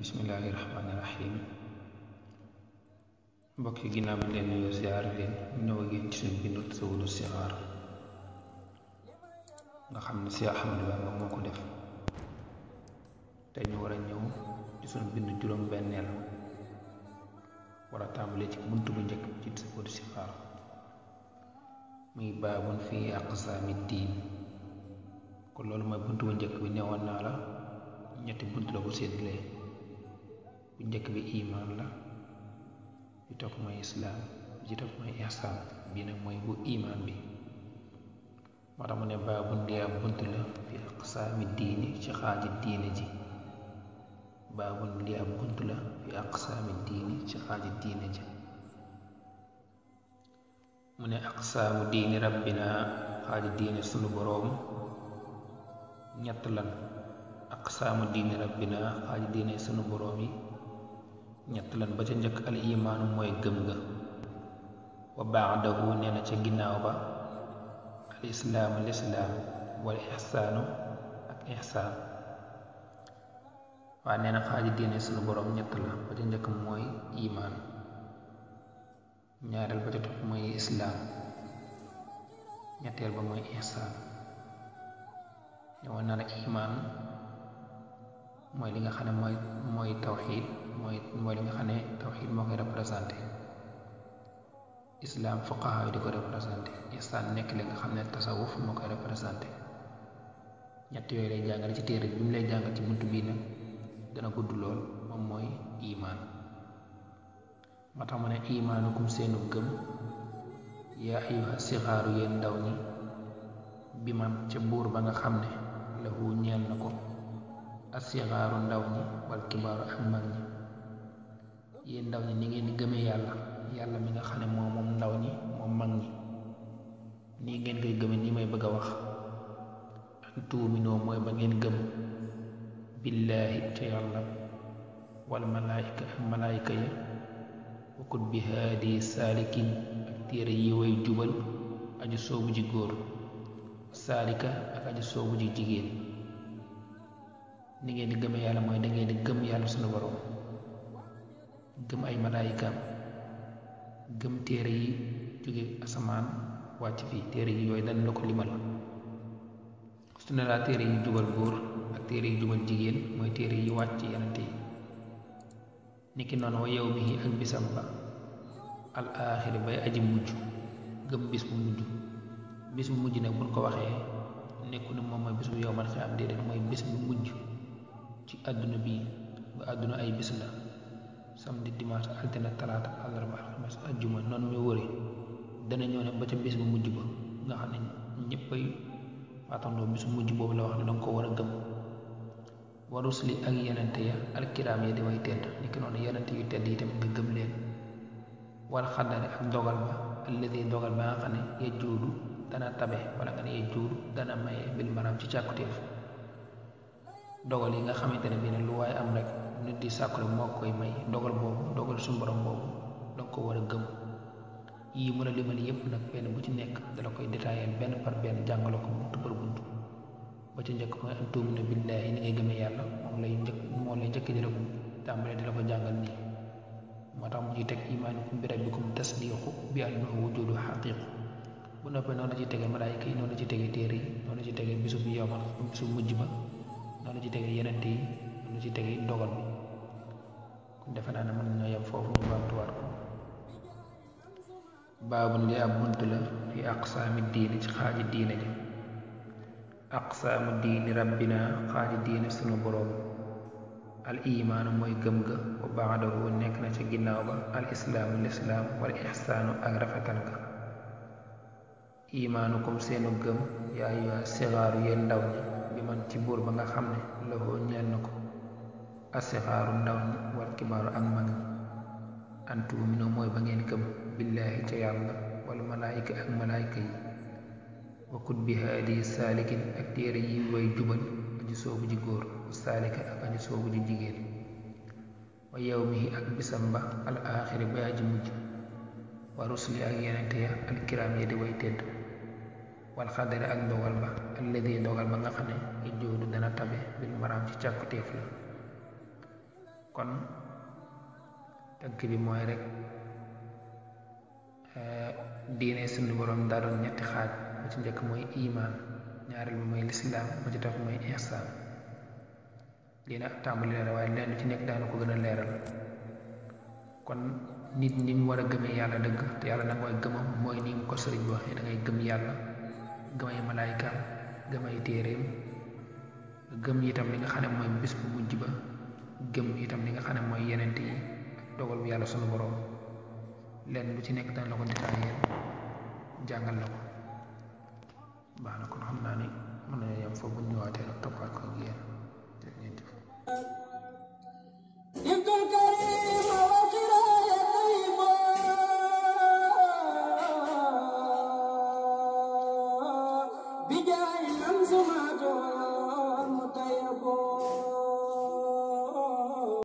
bismillaahi rahmaani rahiim mbokk ginnaaw bi leen nuyoo ziar leen ñëw ci suñu bindu Tazawudu Sixaar nga xam ni si Ahmadu Bamba moo ko def te ñu war a ñëw ci suñu bindu juróom-benneel war a ci bunt bu njëkk ci Tazawudu Sixaar muy baabun fii aqsaami diin kon loolu mooy bunt bu njëkk bi newoon naa la ñetti bunt la ko séddalee. bu njëkk bi imaan la bi topp mooy islaam bi ci mooy ihsaan bii nag mooy bu imaan bi moo mu ne baabu ndia bunt la fi aqsaami diini ci xaaji diine ji baabu ndia bunt la fi aqsaami diini ci xaaji diine ji mu ne aqsaamu diini rabbina xaaji diine sunu boroom ñett lan aqsaamu diini rabbina xaaji diine sunu boroom yi ñett lan ba ca njëkk al imaanu mooy gëm nga wa baadahu nee na ca ginnaaw ba al islaamu lislaam wal ixsaanu ak ixsaan waa nee na xaaji diine sunu borom ñett la ba ca njëkk mooy imaan ñaareel ba ca topp mooy islaam ñetteel ba mooy ihsaan ñëwoon na la imaan mooy li nga xam ne mooy mooy tawxiid mooy mooy li nga xam ne tawxiid moo koy représenté islam fuqaha di ko représenté nekk li nga xam ne tasawuf moo koy représenté ñett yooyu lay jàngale ci téere bi mu lay jàngal ci buntu bii nag dana gudd lool moom mooy imaan moo tax ma ne imaanukum seenu gëm yaa ayuha sixaaru yéen ndaw ñi bi man ca buur ba nga xam ne lahu ñeel na ko asixaaru ndaw ñi wal kibaaru ak mag ñi yéen ndaw ñi ni ngeen di gëmee yàlla yàlla mi nga xam ne moom moom ndaw ñi moom mag ñi nii ngeen koy gëme ni may bëgg a wax an tuuminoo mooy ba ngeen gëm billaahi ca yàlla wal malaayika ak ya wakut bi haadi saalikin ak téere yi way jubal aju soobu ji góor saalika ak aju soobu ji jigéen ni ngeen di gëme yàlla mooy da ngeen di gëm yàlla sunu borom gëm ay malaayikaam gëm téere yi jóge asamaan wàcc fii téere yi yooyu dañ la ko limal su ne laa téere yi jubal góor ak téere yi jubal jigéen mooy téere yi wàcc ci yenante yi noonu wa yow bi ak bisam ba al bay aji mujj gëm bis bu mujj bis bu mujj nag buñ ko waxee nekku ne moom mooy bis bu yow man xeexam déedéet mooy bis bu mujj ci àdduna bi ba àdduna ay bis la samedi dimanche altine talaata àllarba alxames ajjuma noonu muy wëree dana ñëw ne ba ca bis bu mujj ba nga xam ne ñëppay waatandoo bisu mujj boobu la wax ne danga ko war a gëm warusli ak yenente ya alkiraam ya di way tedd ni noonu yenente yu tedd yi tamit nga gëm leen wal xaddari ak dogal ba alladi dogal ba nga xam ne ya juudu dana tabe wala nga ne ya juudu dana maye bil maram ci càkkutéef dogal yi nga xamantene bi ne lu waay am rek nit di sàkkule moo koy may dogal boobu dogal suñu borom boobu da ko wara a gëm yii mu la limal yépp nag benn bu ci nekk dala koy détaillé benn par benn jàngale ko buntu par buntu ba ci njëkk mooy antum ne billahi ni ngay gëmee yàlla moom lay njëkk moo lay njëkk di la ko tàmbalee di la ko jàngal nii moo tax mu ci teg imaanukum bi rabbikum tasdiqu bi annahu wujudu xaqiqu bu noppee noonu la ci tege malaayika yi noonu la ci tege téere yi noonu la ci tege bisub yomal bisub mujj ba noonu ci tege yenent yi noonu ci tege ndogal bi kon defe naa ne mën nañoo yem foofu ñu baamtuwaat ko baabun li ab bunt la fi aqsaami diini ci xaaji diine ji aqsaamu diini rabbina xaaji diine sunu boroom al imaanu mooy gëm ga wa baadahu nekk na ci ginnaaw ba al islaamu lislaam wal ixsaanu ak rafetal ga imaanukum seenu gëm yaa yu sixaaru yéen ndaw ñi bi man ci buur ba nga xam ne loxoo ñeel ko asixaaru ndaw ñi wal kibaaru ak mag ñi antu mino mooy ba ngeen gëm billaahi ca yàlla wal malaayika ak malaayika yi wakkut bi haadiyi saalikin ak téere yi way jubal aji soobu ji góor saalika ak aji soobu ji jigéen wa yow mi ak bisam ba al aaxiri ba aji mujj wa rusli ak yenente ya alkiraam ya di way tedd wal xadari ak dogal ba alladi dogal ba nga xam ne dana tabe bil maraam ci càkkutéef la kon tënk bi mooy rek diine sunu borom daroon ñetti xaaj mu ci njëkk mooy iman ñaareel bi mooy lislaam mu ci topp mooy ihsaan lii nag tàmbali la waaye lenn ci nekk daana ko gën a kon nit ni mu war a gëmee yàlla dëgg te yàlla nag mooy gëmam mooy ni ko sëriñ waxee da ngay gëm yalla gëm ay malaaykaam gëm ay téeréem gëm itam li nga xam ne mooy bis bu mujj ba gëm itam li nga xam ne mooy yenent yi dogal bu yàlla sunu boroom lenn lu ci nekk dana la ko détaillé jàngal la ko